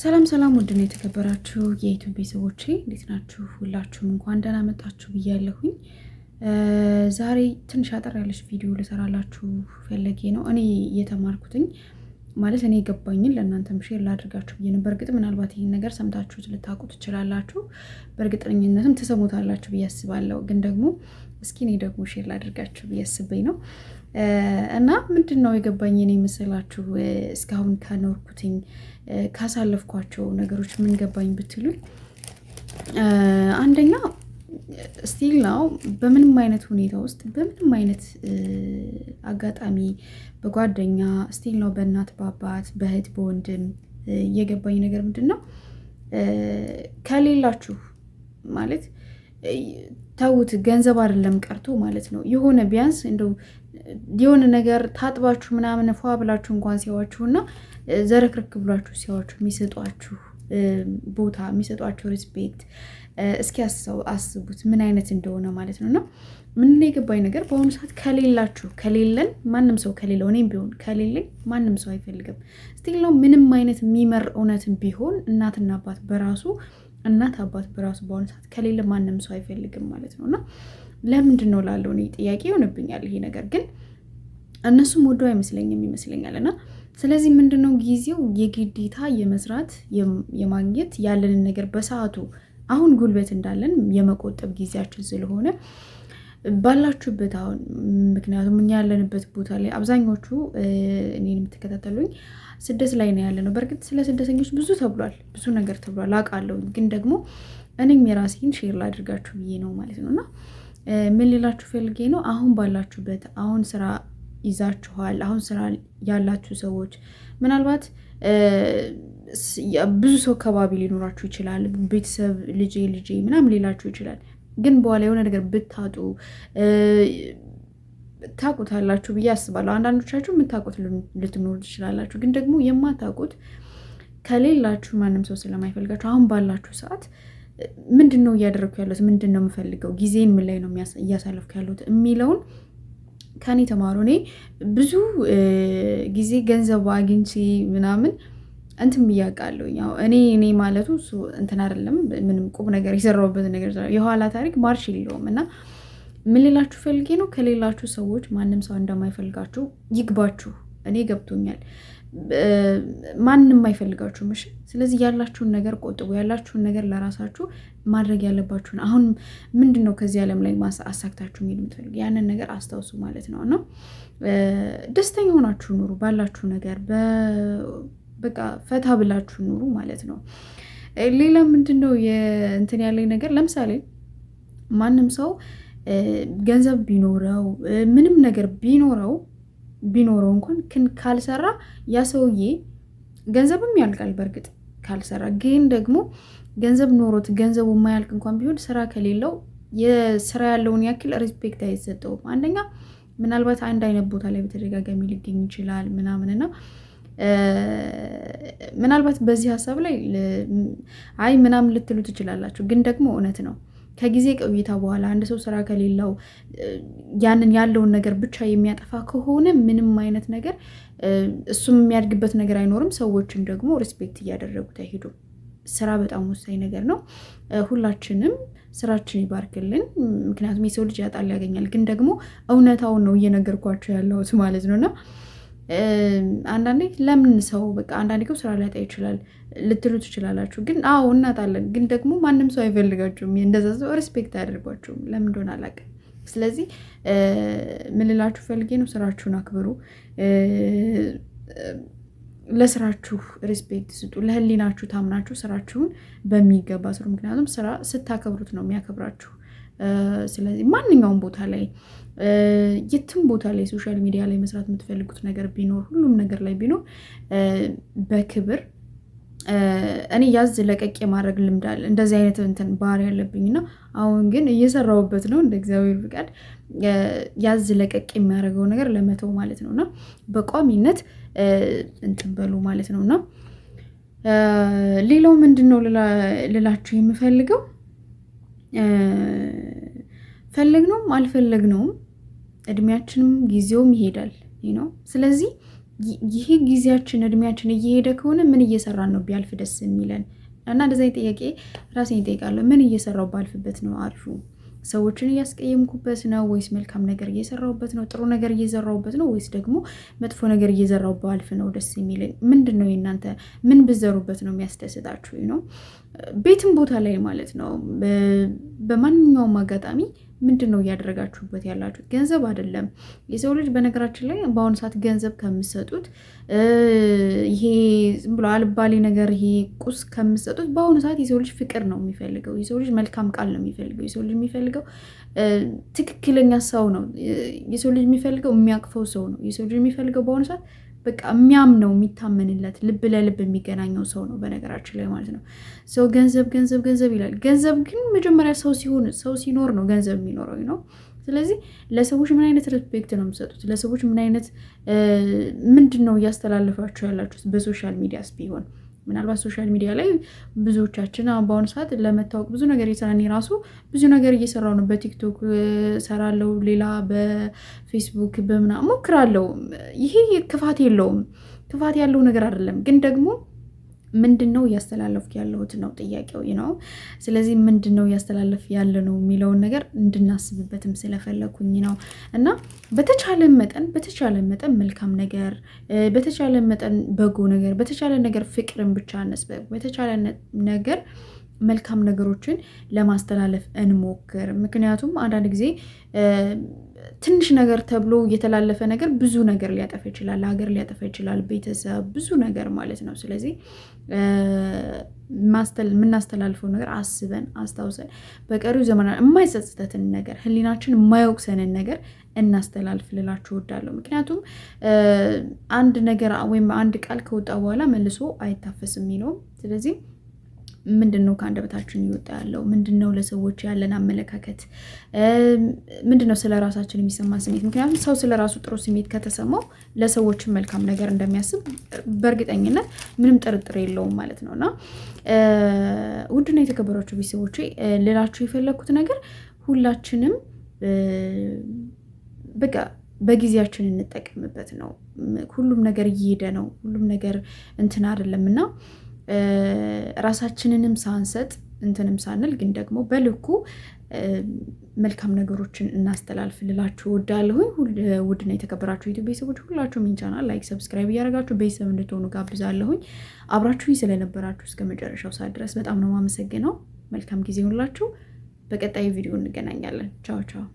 ሰላም ሰላም፣ ውድን የተከበራችሁ የኢትዮ ቤተሰቦች እንዴት ናችሁ? ሁላችሁም እንኳን ደህና መጣችሁ ብያለሁኝ። ዛሬ ትንሽ አጠር ያለች ቪዲዮ ልሰራላችሁ ፈለጌ ነው። እኔ እየተማርኩትኝ ማለት እኔ የገባኝን ለእናንተም ሼር ላድርጋችሁ ብዬ ነው። በእርግጥ ምናልባት ይህን ነገር ሰምታችሁት ልታውቁ ትችላላችሁ፣ በእርግጠኝነትም ትሰሙታላችሁ ብዬ አስባለሁ። ግን ደግሞ እስኪ እኔ ደግሞ ሼር ላድርጋችሁ ብዬ አስበኝ ነው እና ምንድን ነው የገባኝ እኔ መሰላችሁ እስካሁን ከኖርኩትኝ ካሳለፍኳቸው ነገሮች ምን ገባኝ ብትሉኝ፣ አንደኛ ስቲል ነው በምንም አይነት ሁኔታ ውስጥ በምንም አይነት አጋጣሚ በጓደኛ ስቲል ነው በእናት በአባት በእህት በወንድም እየገባኝ ነገር ምንድን ነው ከሌላችሁ ማለት ተውት ገንዘብ አይደለም ቀርቶ ማለት ነው የሆነ ቢያንስ እንደው የሆነ ነገር ታጥባችሁ ምናምን ፏ ብላችሁ እንኳን እና ዘረክርክ ብላችሁ ሲዋችሁ የሚሰጧችሁ ቦታ የሚሰጧቸው ሪስፔክት እስኪ አስቡት ምን አይነት እንደሆነ ማለት ነው። እና ምን የገባኝ ነገር በአሁኑ ሰዓት ከሌላችሁ ከሌለን ማንም ሰው ከሌለው እኔም ቢሆን ከሌለኝ ማንም ሰው አይፈልግም። ስቲለው ምንም አይነት የሚመር እውነትን ቢሆን እናትና አባት በራሱ እናት አባት በራሱ በአሁኑ ሰዓት ከሌለ ማንም ሰው አይፈልግም ማለት ነው እና ለምንድን ነው ላለው እኔ ጥያቄ ይሆንብኛል ይሄ ነገር ግን እነሱም ወዶ አይመስለኝም ይመስለኛል እና ስለዚህ ምንድነው ጊዜው የግዴታ የመስራት የማግኘት ያለንን ነገር በሰዓቱ አሁን ጉልበት እንዳለን የመቆጠብ ጊዜያችን ስለሆነ ባላችሁበት አሁን ምክንያቱም እኛ ያለንበት ቦታ ላይ አብዛኞቹ እኔን የምትከታተሉኝ ስደት ላይ ነው ያለ ነው። በእርግጥ ስለ ስደተኞች ብዙ ተብሏል፣ ብዙ ነገር ተብሏል አውቃለሁ። ግን ደግሞ እኔም የራሴን ሼር ላድርጋችሁ ብዬ ነው ማለት ነው እና ምን ሌላችሁ ፈልጌ ነው አሁን ባላችሁበት አሁን ስራ ይዛችኋል አሁን ስራ ያላችሁ ሰዎች ምናልባት ብዙ ሰው ከባቢ ሊኖራችሁ ይችላል። ቤተሰብ ልጄ ልጄ ምናምን ሊላችሁ ይችላል። ግን በኋላ የሆነ ነገር ብታጡ ታቁታላችሁ ብዬ አስባለሁ። አንዳንዶቻችሁ የምታቁት ልትኖሩ ትችላላችሁ። ግን ደግሞ የማታቁት ከሌላችሁ ማንም ሰው ስለማይፈልጋችሁ አሁን ባላችሁ ሰዓት ምንድን ነው እያደረግኩ ያለሁት፣ ምንድን ነው የምፈልገው፣ ጊዜን ምን ላይ ነው እያሳለፍኩ ያለሁት የሚለውን ከኔ ተማሩ። እኔ ብዙ ጊዜ ገንዘብ አግኝቼ ምናምን እንትን ብያውቃለሁ። ያው እኔ እኔ ማለቱ እንትን አይደለም፣ ምንም ቁም ነገር የሰራሁበት ነገር የኋላ ታሪክ ማርሽ የለውም እና ምን ሌላችሁ ፈልጌ ነው ከሌላችሁ ሰዎች ማንም ሰው እንደማይፈልጋችሁ ይግባችሁ። እኔ ገብቶኛል። ማንም አይፈልጋችሁም። እሺ። ስለዚህ ያላችሁን ነገር ቆጥቡ። ያላችሁን ነገር ለራሳችሁ ማድረግ ያለባችሁን አሁን ምንድን ነው ከዚህ ዓለም ላይ አሳክታችሁ የሚል የምትፈልጉ ያንን ነገር አስታውሱ ማለት ነው እና ደስተኛ ሆናችሁ ኑሩ። ባላችሁ ነገር በቃ ፈታ ብላችሁ ኑሩ ማለት ነው። ሌላ ምንድን ነው እንትን ያለኝ ነገር ለምሳሌ ማንም ሰው ገንዘብ ቢኖረው ምንም ነገር ቢኖረው ቢኖረው እንኳን ክን ካልሰራ ያ ሰውዬ ገንዘብም ያልቃል። በእርግጥ ካልሰራ ግን ደግሞ ገንዘብ ኖሮት ገንዘቡ የማያልቅ እንኳን ቢሆን ስራ ከሌለው የስራ ያለውን ያክል ሪስፔክት አይሰጠውም። አንደኛ ምናልባት አንድ አይነት ቦታ ላይ በተደጋጋሚ ሊገኝ ይችላል ምናምንና ምናልባት በዚህ ሀሳብ ላይ አይ ምናምን ልትሉ ትችላላችሁ፣ ግን ደግሞ እውነት ነው። ከጊዜ ቆይታ በኋላ አንድ ሰው ስራ ከሌለው ያንን ያለውን ነገር ብቻ የሚያጠፋ ከሆነ ምንም አይነት ነገር እሱም የሚያድግበት ነገር አይኖርም። ሰዎችም ደግሞ ሪስፔክት እያደረጉት አይሄዱም። ስራ በጣም ወሳኝ ነገር ነው። ሁላችንም ስራችን ይባርክልን። ምክንያቱም የሰው ልጅ ያጣል ያገኛል፣ ግን ደግሞ እውነታውን ነው እየነገርኳቸው ያለሁት ማለት ነውና አንዳንዴ ለምን ሰው በቃ አንዳንዴ ስራ ሊያጣ ይችላል ልትሉ ትችላላችሁ። ግን አዎ እናጣለን። ግን ደግሞ ማንም ሰው አይፈልጋችሁም። እንደዛ ሰው ሪስፔክት አያደርጓችሁም። ለምን እንደሆነ አላውቅም። ስለዚህ ምልላችሁ ፈልጌ ነው ስራችሁን አክብሩ፣ ለስራችሁ ሬስፔክት ስጡ፣ ለህሊናችሁ ታምናችሁ ስራችሁን በሚገባ ስሩ። ምክንያቱም ስራ ስታከብሩት ነው የሚያከብራችሁ። ስለዚህ ማንኛውም ቦታ ላይ የትም ቦታ ላይ ሶሻል ሚዲያ ላይ መስራት የምትፈልጉት ነገር ቢኖር ሁሉም ነገር ላይ ቢኖር በክብር እኔ ያዝ ለቀቅ የማድረግ ልምድ አለ። እንደዚህ አይነት እንትን ባህሪ ያለብኝና አሁን ግን እየሰራሁበት ነው እንደ እግዚአብሔር ፍቃድ ያዝ ለቀቅ የሚያደርገው ነገር ለመተው ማለት ነው እና በቋሚነት እንትን በሉ ማለት ነው እና ሌላው ምንድን ነው ልላችሁ የምፈልገው ፈለግነውም አልፈለግነውም እድሜያችንም ጊዜውም ይሄዳል ነው። ስለዚህ ይሄ ጊዜያችን እድሜያችን እየሄደ ከሆነ ምን እየሰራን ነው ቢያልፍ ደስ የሚለን እና እንደዚ ጥያቄ ራሴን ይጠይቃለሁ። ምን እየሰራው ባልፍበት ነው አሪፉ? ሰዎችን እያስቀየምኩበት ነው ወይስ መልካም ነገር እየሰራሁበት ነው? ጥሩ ነገር እየዘራሁበት ነው ወይስ ደግሞ መጥፎ ነገር እየዘራሁ በአልፍ ነው ደስ የሚለኝ? ምንድን ነው የእናንተ ምን ብዘሩበት ነው የሚያስደስታችሁ ነው? ቤትም ቦታ ላይ ማለት ነው በማንኛውም አጋጣሚ ምንድን ነው እያደረጋችሁበት ያላችሁ? ገንዘብ አይደለም የሰው ልጅ። በነገራችን ላይ በአሁኑ ሰዓት ገንዘብ ከምሰጡት ይሄ ዝም ብሎ አልባሌ ነገር ይሄ ቁስ ከምሰጡት፣ በአሁኑ ሰዓት የሰው ልጅ ፍቅር ነው የሚፈልገው። የሰው ልጅ መልካም ቃል ነው የሚፈልገው። የሰው ልጅ የሚፈልገው ትክክለኛ ሰው ነው። የሰው ልጅ የሚፈልገው የሚያቅፈው ሰው ነው። የሰው ልጅ የሚፈልገው በአሁኑ ሰዓት በቃ የሚያምነው የሚታመንለት ልብ ለልብ የሚገናኘው ሰው ነው በነገራችን ላይ ማለት ነው። ሰው ገንዘብ ገንዘብ ገንዘብ ይላል። ገንዘብ ግን መጀመሪያ ሰው ሲሆን ሰው ሲኖር ነው ገንዘብ የሚኖረው ነው። ስለዚህ ለሰዎች ምን አይነት ሬስፔክት ነው የምሰጡት? ለሰዎች ምን አይነት ምንድን ነው እያስተላለፋችሁ ያላችሁት? በሶሻል ሚዲያስ ቢሆን ምናልባት ሶሻል ሚዲያ ላይ ብዙዎቻችን በአሁኑ ሰዓት ለመታወቅ ብዙ ነገር የሰራ ራሱ ብዙ ነገር እየሰራው ነው። በቲክቶክ ሰራለው፣ ሌላ በፌስቡክ በምና ሞክራለው። ይሄ ክፋት የለውም፣ ክፋት ያለው ነገር አይደለም። ግን ደግሞ ምንድን ነው እያስተላለፍኩ ያለሁት ነው ጥያቄው ነው። ስለዚህ ምንድን ነው እያስተላለፍ ያለ ነው የሚለውን ነገር እንድናስብበትም ስለፈለኩኝ ነው። እና በተቻለ መጠን በተቻለ መጠን መልካም ነገር፣ በተቻለ መጠን በጎ ነገር፣ በተቻለ ነገር ፍቅርን ብቻ አነጽበ በተቻለ ነገር መልካም ነገሮችን ለማስተላለፍ እንሞክር። ምክንያቱም አንዳንድ ጊዜ ትንሽ ነገር ተብሎ የተላለፈ ነገር ብዙ ነገር ሊያጠፋ ይችላል፣ ሀገር ሊያጠፋ ይችላል፣ ቤተሰብ ብዙ ነገር ማለት ነው። ስለዚህ የምናስተላልፈው ነገር አስበን አስታውሰን በቀሪው ዘመና የማይጸጽተትን ነገር ህሊናችን የማይወቅሰንን ነገር እናስተላልፍ ልላችሁ እወዳለሁ። ምክንያቱም አንድ ነገር ወይም አንድ ቃል ከወጣ በኋላ መልሶ አይታፈስም የሚለውም ስለዚህ ምንድን ነው ከአንደበታችን እየወጣ ያለው? ምንድን ነው ለሰዎች ያለን አመለካከት? ምንድን ነው ስለ ራሳችን የሚሰማን ስሜት? ምክንያቱም ሰው ስለ ራሱ ጥሩ ስሜት ከተሰማው ለሰዎችን መልካም ነገር እንደሚያስብ በእርግጠኝነት ምንም ጥርጥር የለውም ማለት ነው እና ውድና የተከበሯቸው ቤተሰቦች ልላችሁ የፈለግኩት ነገር ሁላችንም በቃ በጊዜያችን እንጠቀምበት ነው። ሁሉም ነገር እየሄደ ነው። ሁሉም ነገር እንትን አይደለም እና ራሳችንንም ሳንሰጥ እንትንም ሳንል ግን ደግሞ በልኩ መልካም ነገሮችን እናስተላልፍ ልላችሁ እወዳለሁኝ። ውድና የተከበራችሁ ዩቱብ ቤተሰቦች ሁላችሁ ሚን ቻናል ላይክ፣ ሰብስክራይብ እያደረጋችሁ ቤተሰብ እንድትሆኑ ጋብዛለሁኝ። አብራችሁኝ ስለነበራችሁ እስከ መጨረሻው ሰዓት ድረስ በጣም ነው የማመሰግነው። መልካም ጊዜ ሁላችሁ። በቀጣይ ቪዲዮ እንገናኛለን። ቻው ቻው።